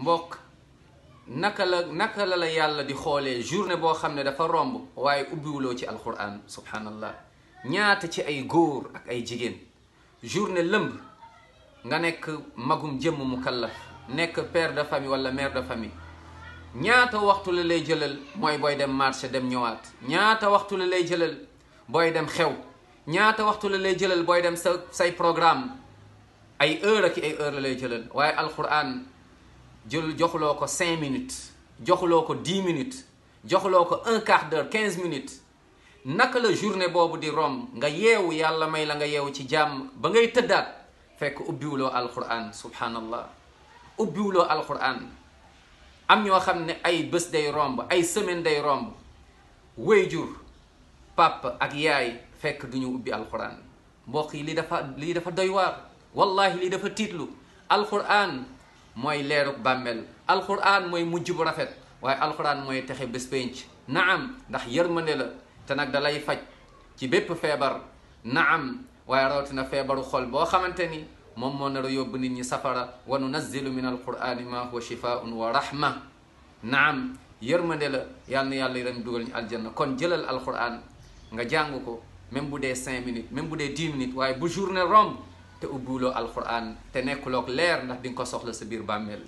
mbokk naka la naka la la yàlla di xoolee journée boo xam ne dafa romb waaye ubbiwuloo ci alquran subhanallah ñaata ci ay góor ak ay jigéen journée lëmb nga nekk magum jëmm mu nekk père de famille wala maire de famille ñaata waxtu la lay jëlal mooy booy dem marché dem ñëwaat ñaata waxtu la lay jëlal booy dem xew ñaata waxtu la lay jëlal booy dem sa say programme ay heure ak ay heure la lay jëlal waaye alquran jël joxuloo ko cinq minutes joxuloo ko dix minutes joxuloo ko un quart d'heure quinze minutes naka la journée boobu di romb nga yeewu yàlla may la nga yeewu ci jàmm ba ngay tëddaat fekk ubbiwuloo alquran subhanallah ubbiwuloo alquran am ñoo xam ne ay bés day romb ay semaine day romb wéyjur papa ak yaay fekk duñu ubbi alquran mbokk yi li dafa lii dafa doy waar wallahi lii dafa tiitlu alquran mooy leeruk bàmmeel alquran mooy mujj bu rafet waaye alquran mooy texe bés penc naam ndax yërmande la te nag faj ci bépp feebar naam waaye rawatina feebaru xol boo xamante ni moom moon nar a yóbbu nit ñi safara wa nunazzilu min alqurani ma huwa shifaun wa rahma naam yërmande la yàlla na yàlla dugal ñu aljanna kon jëlal alquran nga jàng ko même bu dee cinq minutes même bu dee dix minutes waaye bu journée romb te ubbiwuloo alxuraan te nekkulook leer ndax di nga ko soxla sa biir bàmmeel